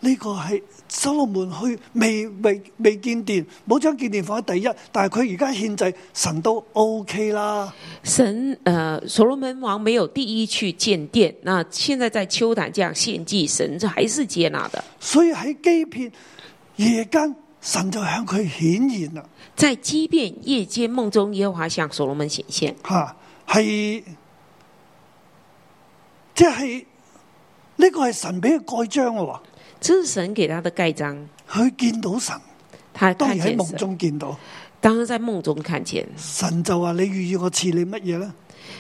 Speaker 1: 呢個係所羅門去未未未建殿，冇將建殿放喺第一。但係佢而家獻祭神都 O K 啦。神誒、所、呃、羅門王沒有第一去建殿，那現在在丘壇這樣獻祭神，就還是接納的。所以喺基遍夜間，神就向佢顯現啦。在基遍夜間夢中，耶和華向所羅門顯現。吓、啊，係即係呢個係神俾佢蓋章喎。這是神給他的蓋章，佢見到神，他當然喺夢中見到，當然在夢中看見。神就話：你願意我賜你乜嘢呢？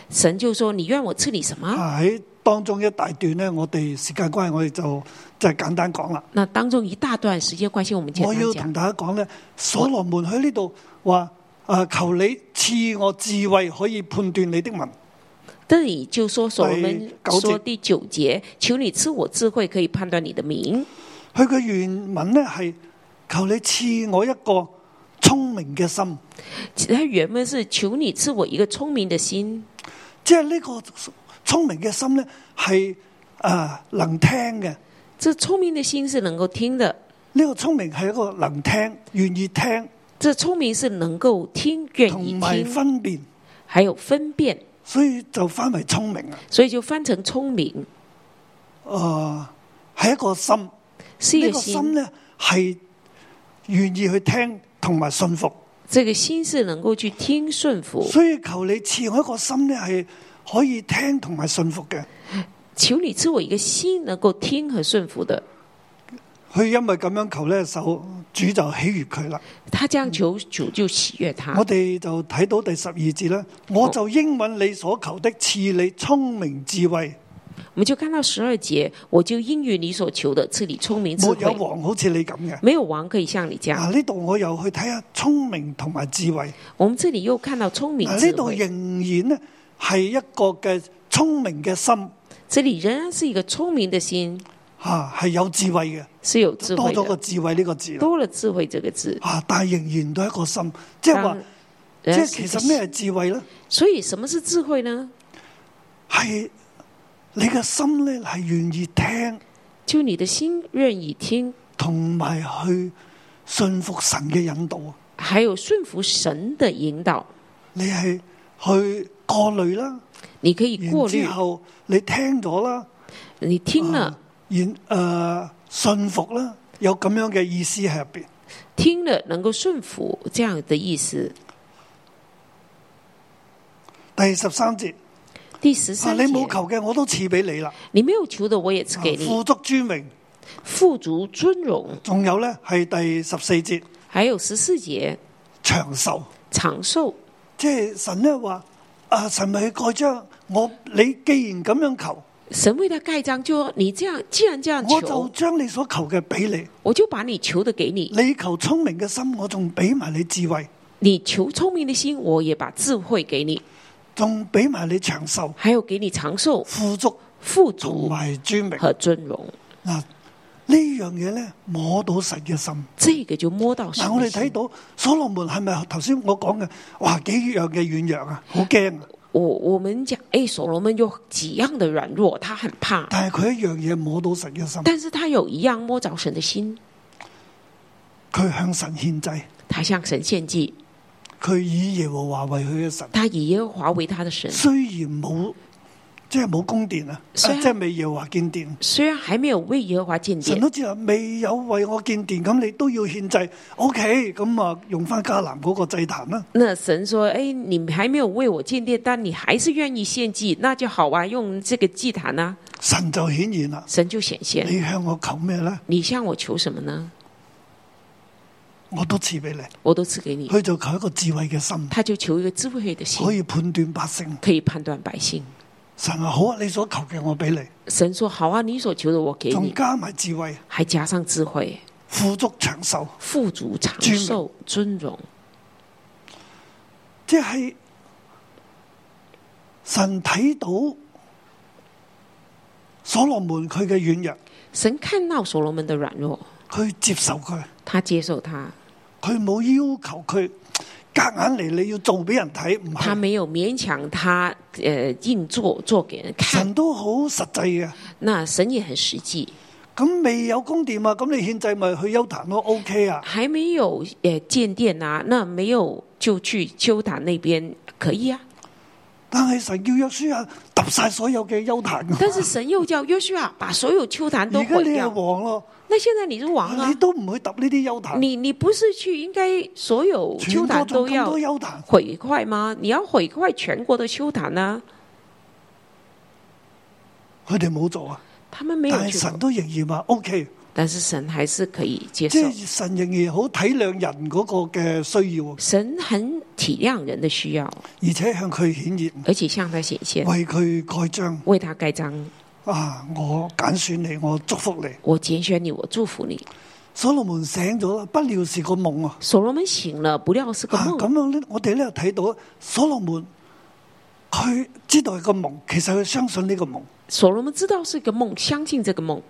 Speaker 1: 神就說：你願我賜你什麼？喺、啊、當中一大段呢，我哋時間關係我就，我哋就是、簡單講啦。那當中一大段時間關係，我們我要同大家講呢。所羅門喺呢度話：求你賜我智慧，可以判斷你的文。這裏就說，我們說第九節，求你賜我智慧，可以判斷你的名。佢嘅原文呢，係求你賜我一個聰明嘅心。其實原文是求你賜我一個聰明的心。即係呢個聰明嘅心呢，係啊，能聽嘅。即聰明的心是能夠聽的。呢個聰明係一個能聽，願意聽。即聰明是能夠聽，願意聽，分辨，還有分辨。所以就翻為聰明啊。所以就翻成聰明，明。啊、呃，係一個心，呢個心咧係願意去聽同埋信服。這個心是能夠去聽信服。所以求你賜我一個心咧，係可以聽同埋信服嘅。求你賜我一個心，能夠聽和信服的。佢因為咁樣求咧，主就喜悦佢啦。他這樣求，主就喜悦他。嗯、我哋就睇到第十二節咧，哦、我就應允你所求的，賜你聰明智慧。我們就看到十二節，我就應允你所求的，賜你聰明智慧。沒有王好似你咁嘅。沒有王可以像你咁。啊，呢度我又去睇下聰明同埋智慧。我們這裡又看到聰明。呢度仍然咧係一個嘅聰明嘅心。這裡仍然是一個聰明的心。這吓，係、啊、有智慧嘅，是有智慧多咗個智慧呢個字，多了智慧這個字。吓、啊，但係仍然都係一個心，但即係話，人家 即係其實咩係智慧咧？所以，什麼是智慧呢？係你嘅心咧，係願意聽，就你的心願意聽，同埋去信服神嘅引導。還有信服神嘅引導，你係去過濾啦，你可以過濾之後，你聽咗啦，你聽了。願誒順服啦，有咁樣嘅意思喺入邊，聽了能夠順服，這樣嘅意思。第十三節，第十三、啊，你冇求嘅我都賜畀你啦。你沒有求的我也賜給你。富足尊榮，富足尊榮。仲有呢，係第十四節，還有十四節，長壽，長壽。即係神呢話，啊神咪蓋章，我你既然咁樣求，神為他蓋章，就你這樣，既然這樣求，我就將你所求嘅俾你，我就把你求的給你。你求聰明嘅心，我仲俾埋你智慧。你求聰明嘅心，我也把智慧給你，仲俾埋你長壽，還有給你長壽、富足、富足同埋尊榮和尊榮。啊，呢樣嘢咧摸到神嘅心，這個就摸到神。嗱，我哋睇到所羅門係咪頭先我講嘅？哇，幾樣嘅軟弱啊，好驚啊！我、哦、我們講，誒、哎，所羅門有幾樣的軟弱，他很怕。但是他有一樣摸着神的心，他向神獻祭。他向神獻祭，他以耶和華為他的神。他以耶和華為他的神，雖然沒即係冇宮殿啊！即係未為耶和華建殿。雖然還沒有為耶和華建殿，神都知道未有為我建殿，咁你都要獻祭。O K，咁啊用返迦南嗰個祭壇啦、啊。那神說：，誒、哎，你還沒有為我建殿，但你還是願意獻祭，那就好啊，用這個祭壇啦、啊。神就顯現啦。神就顯現。你向我求咩呢？你向我求什麼呢？我都賜俾你，我都賜給你。佢就求一個智慧嘅心，他就求一個智慧嘅心，的心可以判斷百姓，可以判斷百姓。嗯神啊，好啊！你所求嘅我畀你。神說好啊，你所求的我給你。仲加埋智慧，還加上智慧。富足長壽，富足長壽，尊榮。即係神睇到所羅門佢嘅軟弱，神看到所羅門嘅軟弱，佢接受佢，他接受他，佢冇要求佢。隔硬嚟你要做俾人睇，唔係。他沒有勉強他誒、呃，硬做做給人看。神都好實際嘅。那神也很實際。咁未有宮殿啊？咁你現在咪去休塔咯？OK 啊？還沒有誒建殿啊？那沒有就去休塔那邊可以啊？但係神叫約書亞揼晒所有嘅丘壇，但是神又叫約書亞、啊、把所有丘壇都毀掉。咯，那現在你就王啊？你都唔去揼呢啲丘壇，你你不是去應該所有丘壇都要毀壞嗎？你要毀壞全國嘅丘壇啊？佢哋冇做啊，他們沒有，神都仍然、啊、OK。但是神還是可以接受。即係神仍然好體諒人嗰個嘅需要。神很體諒人的需要，而且向佢顯現。而且向他顯現，為佢蓋章，為他蓋章。蓋章啊，我揀選你，我祝福你。我揀選你，我祝福你。所羅門醒咗啦，不料是個夢啊！所羅門醒了，不料是個夢。咁、啊、樣咧，我哋呢度睇到所羅門，佢知道係個夢，其實佢相信呢個夢。所羅門知道是個夢，相信這個夢。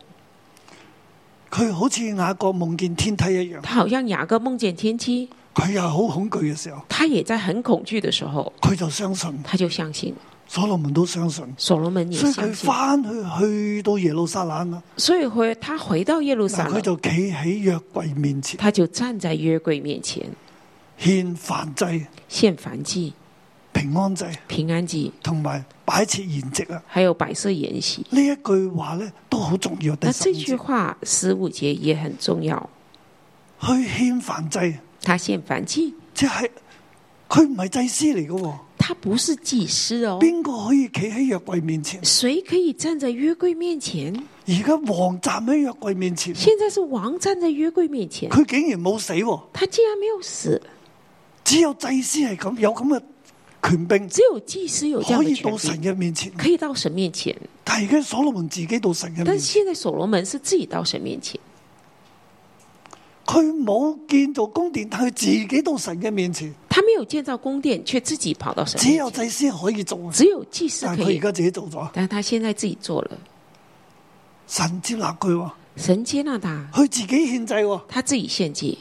Speaker 1: 佢好似雅各夢見天梯一樣，佢好像雅各夢見天梯，佢又好恐懼嘅時候，他也在很恐懼的時候，佢就相信，他就相信，所羅門都相信，所羅門也相信，佢返去去到耶路撒冷啦，所以佢他，他回到耶路撒冷，佢就企喺約櫃面前，他就站在約櫃面前，櫃面前獻燔祭，獻燔祭。平安祭、平安祭，同埋擺設筵席啊！還有擺設筵席。呢一句話咧都好重要。那這句話十五節也很重要。去獻燔祭，他獻燔祭，即係佢唔係祭司嚟噶喎。他不是祭司哦。邊個可以企喺約櫃面前？誰可以站在約櫃面前？而家王站喺約櫃面前。現在是王站在約櫃面前。佢竟然冇死，哦，他竟然沒有死。只有祭司係咁有咁嘅。只有祭司有可以到神嘅面前，可以到神面前。但係而家所羅門自己到神嘅面前，但現在所羅門是自己到神面前。佢冇建造宮殿，但佢自己到神嘅面前。他沒有建造宮殿，卻自己跑到神面前。只有祭司可以做，只有祭司可以。但係佢而家自己做咗，但係他現在自己做了。神接納佢，神接納他，佢自己獻祭喎，他自己獻祭。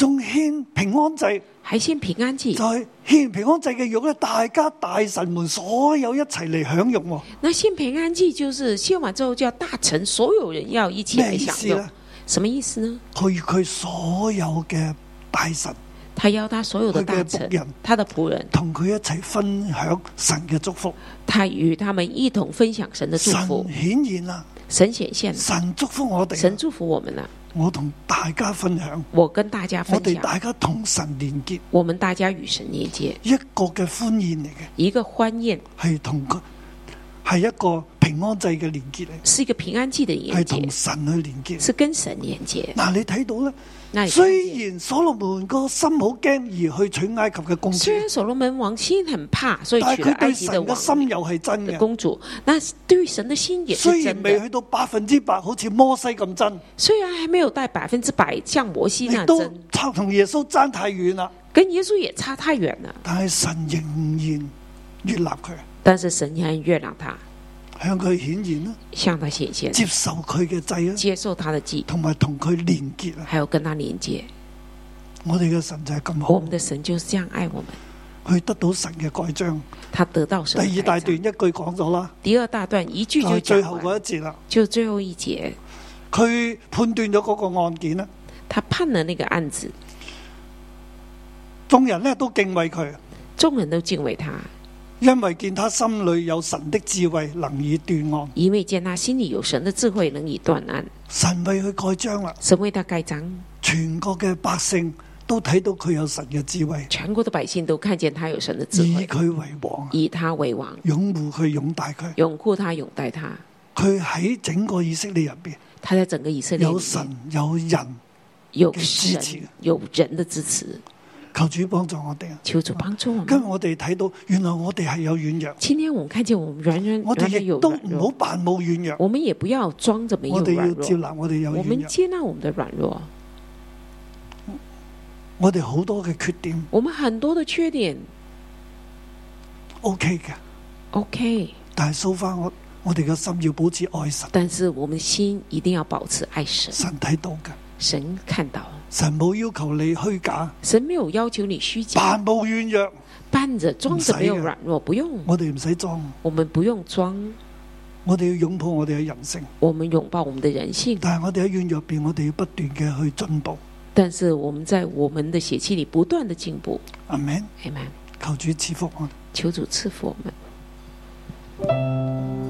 Speaker 1: 仲獻平安祭，喺獻平安祭，就係獻平安祭嘅肉咧，大家大臣們所有一齊嚟享用。那獻平安祭就是獻完之後，叫大臣所有人要一起嚟享用，什麼意思呢？佢佢所有嘅大臣，他邀他所有嘅大臣、他的僕人，同佢一齊分享神嘅祝福。他與他們一同分享神嘅祝福，顯然啦、啊。神顯現，神祝福我哋，神祝福我們啊。我同大家分享，我跟大家分享，我哋大家同神連結，我們大家與神連結，結一個嘅歡宴嚟嘅，一個歡宴係同佢。係一個平安祭嘅連結咧，是一個平安祭嘅連結，係同神去連結，是跟神連結。嗱，你睇到咧，是雖然所羅門個心好驚而去娶埃及嘅公主，雖然所羅門王先很怕，所以娶咗埃及嘅王公主，但係佢對神嘅心又係真嘅。公主，但係對神嘅心也雖然未去到百分之百，好似摩西咁真，雖然還未有到百分之百像摩西咁真，都同耶穌差太遠啦，跟耶穌也差太遠啦。但係神仍然接納佢。但是神竟然原諒他，向佢顯現咯，向他顯現，接受佢嘅祭啊，接受他的祭，同埋同佢連結啊，還有跟他連接。我哋嘅神就係咁好，我們嘅神就是這樣愛我們，去得到神嘅蓋章。他得到神。第二大段一句講咗啦。第二大段一句，一句就。就最後嗰一節啦。就最後一節，佢判斷咗嗰個案件啦。他判了那個案子。眾人呢都敬畏佢，眾人都敬畏他。因為見他心裏有神的智慧，能以斷案。因為見他心裏有神的智慧，能以斷案。神為佢蓋章啦。神為他蓋章。全國嘅百姓都睇到佢有神嘅智慧。全國嘅百姓都看見他有神嘅智慧。以佢為王，以他為王，擁護佢，擁戴佢，擁護他，擁戴他。佢喺整個以色列入邊，他在整個以色列有神，有人，有神，有人的支持。求主幫助我哋。求主幫助我們。今日我哋睇到，原來我哋係有軟弱。今天我們看見我們軟弱，我哋亦都唔好扮冇軟弱。我們也不要裝着沒有軟弱。我哋要接納我哋有軟弱。我們接納我們的軟弱。我哋好多嘅缺點。我們很多嘅缺點。缺點 OK 嘅的。OK。但係 so far 我，我哋嘅心要保持愛神。但是我們心一定要保持愛神。神睇到㗎。神看到，神冇要求你虛假，神沒有要求你虛假，扮冇軟弱，扮着裝着沒有軟弱，不用，不用，我哋唔使裝，我們不用裝，我哋要擁抱我哋嘅人性，我們擁抱我們嘅人性，但係我哋喺軟弱入邊，我哋要不斷嘅去進步，但是我們在我們的血氣裏不斷的進步，阿門係咪？阿門，求主賜福我，求主賜福我們。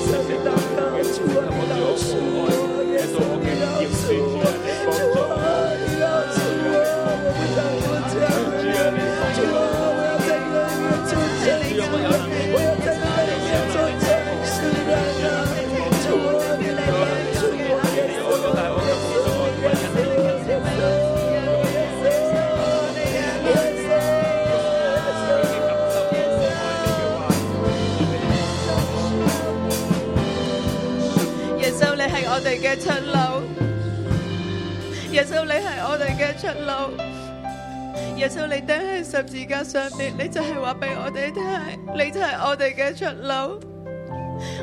Speaker 2: 出路。耶穌，你係我哋嘅出路。耶穌，你釘喺十字架上邊，你就係話俾我哋聽，你就係我哋嘅出路。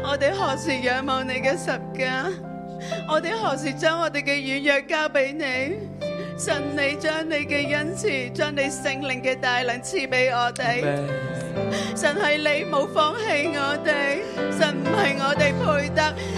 Speaker 2: 我哋何時仰望你嘅十架？我哋何時將我哋嘅軟弱交俾你？神，你將你嘅恩慈，將你聖靈嘅大能賜俾我哋。Amen. 神，係你冇放棄我哋，神唔係我哋配得。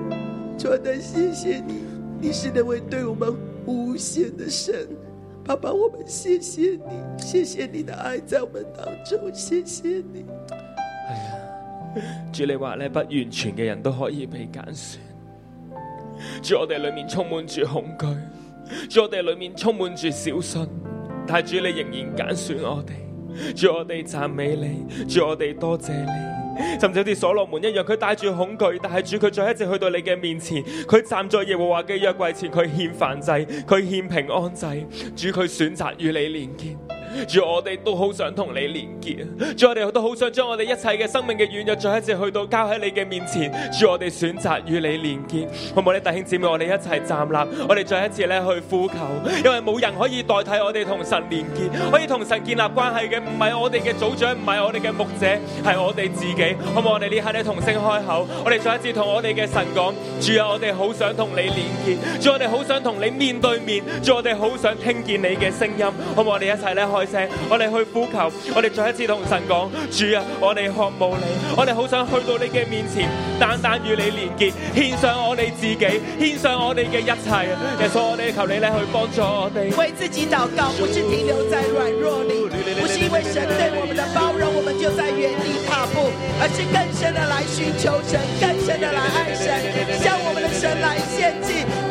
Speaker 3: 說的謝謝你，你是那位對我們無限的神，爸爸，我們謝謝你，謝謝你的愛在我們當中，謝謝你。哎呀，
Speaker 4: 主你話咧，不完全嘅人都可以被揀選，主我哋裏面充滿住恐懼，主我哋裏面充滿住小信，但主你仍然揀選我哋，主我哋讚美你，主我哋多謝你。甚至好似所羅門一樣，佢帶住恐懼，但係主佢再一次去到你嘅面前，佢站在耶和華嘅約櫃前，佢獻燔祭，佢獻平安祭，主佢選擇與你連結。主我哋都好想同你連結，主我哋都好想將我哋一切嘅生命嘅軟弱再一次去到交喺你嘅面前，主我哋選擇與你連結，好唔好你弟兄姊妹，我哋一齊站立，我哋再一次咧去呼求，因為冇人可以代替我哋同神連結，可以同神建立關係嘅唔係我哋嘅組長，唔係我哋嘅牧者，係我哋自己，好唔好？我哋呢刻咧同聲開口，我哋再一次同我哋嘅神講，主啊，我哋好想同你連結，主我哋好想同你面對面，主我哋好想聽見你嘅聲音，好唔好？我哋一齊咧。我哋去呼求，我哋再一次同神講，主啊，我哋渴慕你，我哋好想去到你嘅面前，單單與你連結，獻上我哋自己，獻上我哋嘅一切，耶穌，我哋求你
Speaker 5: 咧去幫助我哋。為自己禱告，不是停留在軟弱裏，不是因為神對我們的包容，我們就在原地踏步，而是更深的來尋求神，更
Speaker 3: 深的來愛神，向我們的神來獻祭。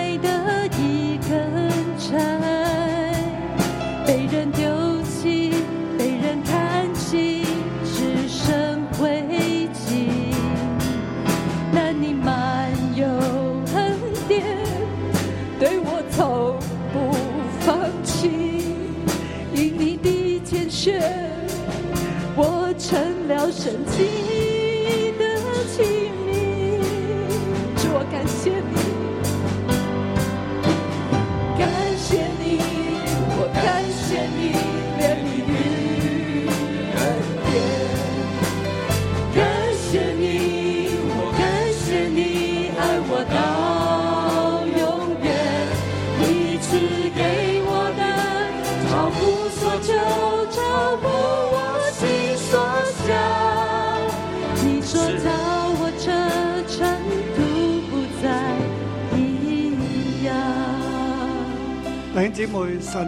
Speaker 1: 姊妹，神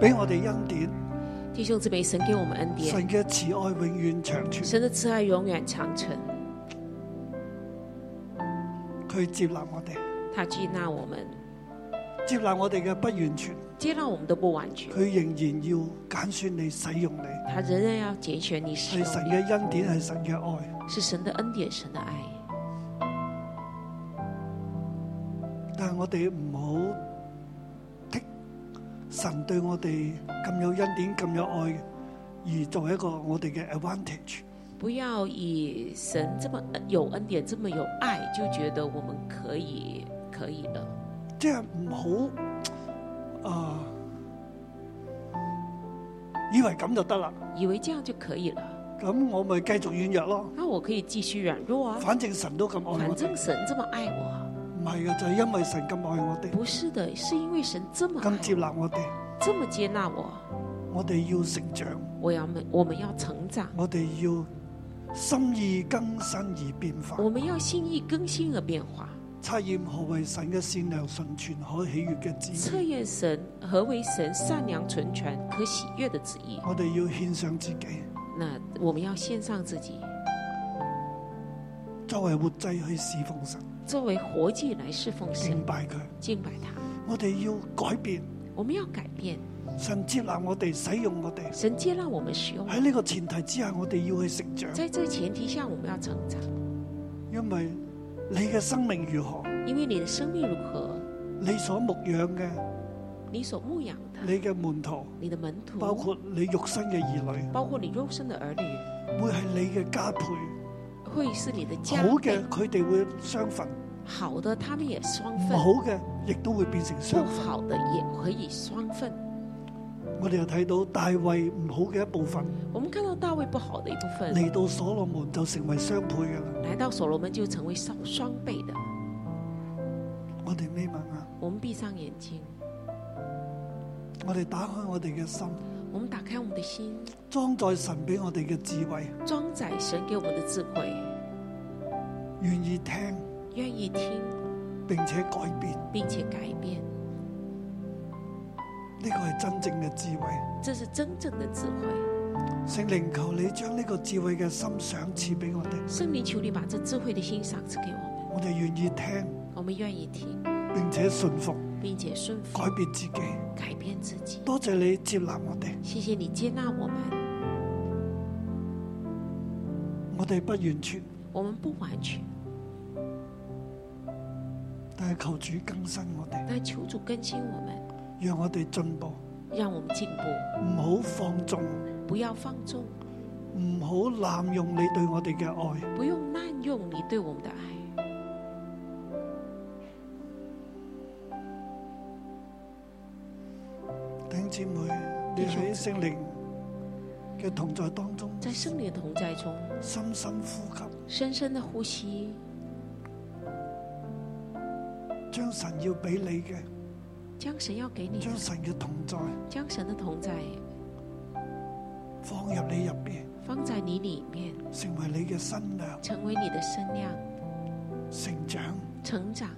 Speaker 1: 俾我哋恩典。弟兄姊妹，神給我們恩典。神嘅慈愛永遠長存。神嘅慈愛永遠長存。佢接納我哋。他接納我們。接納我哋嘅不完全。接納我們的不完全。佢仍然要揀選你，使用你。他仍然要揀選你，使用你。係神嘅恩典，係神嘅愛，是神嘅恩典，神嘅愛。但係我哋唔好。神對我哋咁有恩典，咁有愛，而作為一個我哋嘅 advantage，不要以神這麼有恩典、這麼有愛就覺得我們可以可以了，即係唔好啊，以為咁就得啦，以為這樣就可以了，咁我咪繼續軟弱咯，那我可以繼續軟弱啊，反正神都咁愛我，反正神這麼愛我。唔係啊，就係、是、因為神咁愛我哋。唔係嘅，是因為神咁接納我哋，咁接納我，我哋要成長。我要，我們要成長。我哋要心意更新而變化。我們要心意更新而變化。測驗何為神嘅善良純全可喜悦嘅旨意。測驗神何為神善良純全可喜悦嘅旨意。我哋要獻上自己。那我們要獻上自己。作為活祭去侍奉神。作為活祭來侍奉神，敬拜佢，敬拜他。我哋要改變，我們要改變。神接納我哋使用我哋，神接納我們使用。喺呢個前提之下，我哋要去成長。在這前提下，我們要成長。因為你嘅生命如何，因為你的生命如何，你，如何你所牧養嘅，你所牧養的，你嘅門徒，你嘅門徒，包括你肉身嘅兒女，包括你肉身嘅兒女，會係你嘅加倍。會是你的家庭好嘅，佢哋會雙份；好的，他們也雙份；好嘅，亦都會變成雙份；不好的也可以雙份。我哋又睇到大衛唔好嘅一部分，我們看到大衛不好的一部分，嚟到所羅門就成為雙倍噶啦，嚟到所羅門就成為雙雙倍的。我哋咩問啊？我們閉上眼睛，我哋打開我哋嘅心。我們打開我們的心，裝載神俾我哋嘅智慧，裝載神給我們的智慧，願意聽，願意聽，並且改變，並且改變，呢個係真正嘅智慧，這是真正的智慧。聖靈，求你將呢個智慧嘅心賞賜俾我哋，聖靈，求你把這智慧嘅心賞賜給我們，我哋願意聽，我們願意聽，並且信服。並且順服，改變自己，改變自己。多謝你接納我哋，謝謝你接納我們。我哋不完全，我們不完全，我完全但係求主更新我哋，但求主更新我們，讓我哋進步，讓我們進步，唔好放縱，不要放縱，唔好濫用你對我哋嘅愛，不用濫用你對我們的愛。你喺聖靈嘅同在當中，在聖靈同在中，深深呼吸，深深的呼吸，將神要俾你嘅，將神要給你，將神嘅同在，將神的同在放入你入邊，放在你裏面，成為你嘅新娘，成為你的新娘，成長，成長，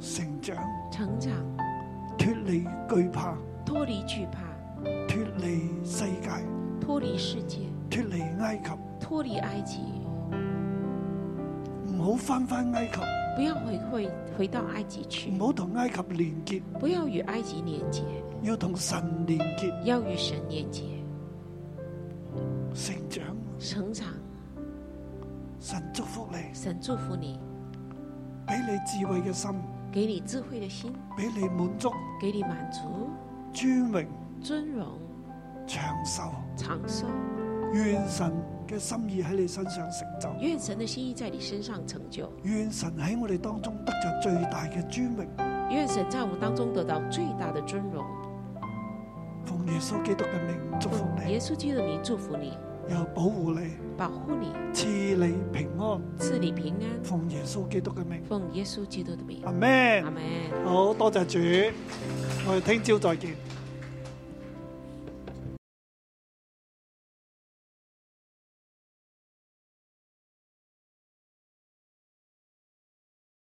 Speaker 1: 成長，成長。脫離懼怕，脫離懼怕，脫離世界，脫離世界，脫離埃及，脫離埃及，唔好返返埃及，不要回回回到埃及去，唔好同埃及連結，不要與埃及連結，要同神連結，要與神連結，成長，成長，神祝福你，神祝福你，畀你智慧嘅心。俾你智慧的心，俾你滿足，俾你滿足，尊榮，尊榮，長壽，長壽，願神嘅心意喺你身上成就，願神嘅心意喺你身上成就，願神喺我哋當中得着最大嘅尊榮，願神在我們當中得到最大嘅尊榮，奉耶穌基督嘅名祝福你，耶穌基督嘅名祝福你，又保護你。保護你，賜你平安，賜你平安，奉耶穌基督嘅名，奉耶穌基督嘅名，阿門 Amen，阿門 Amen，好多謝主，我哋聽朝再見。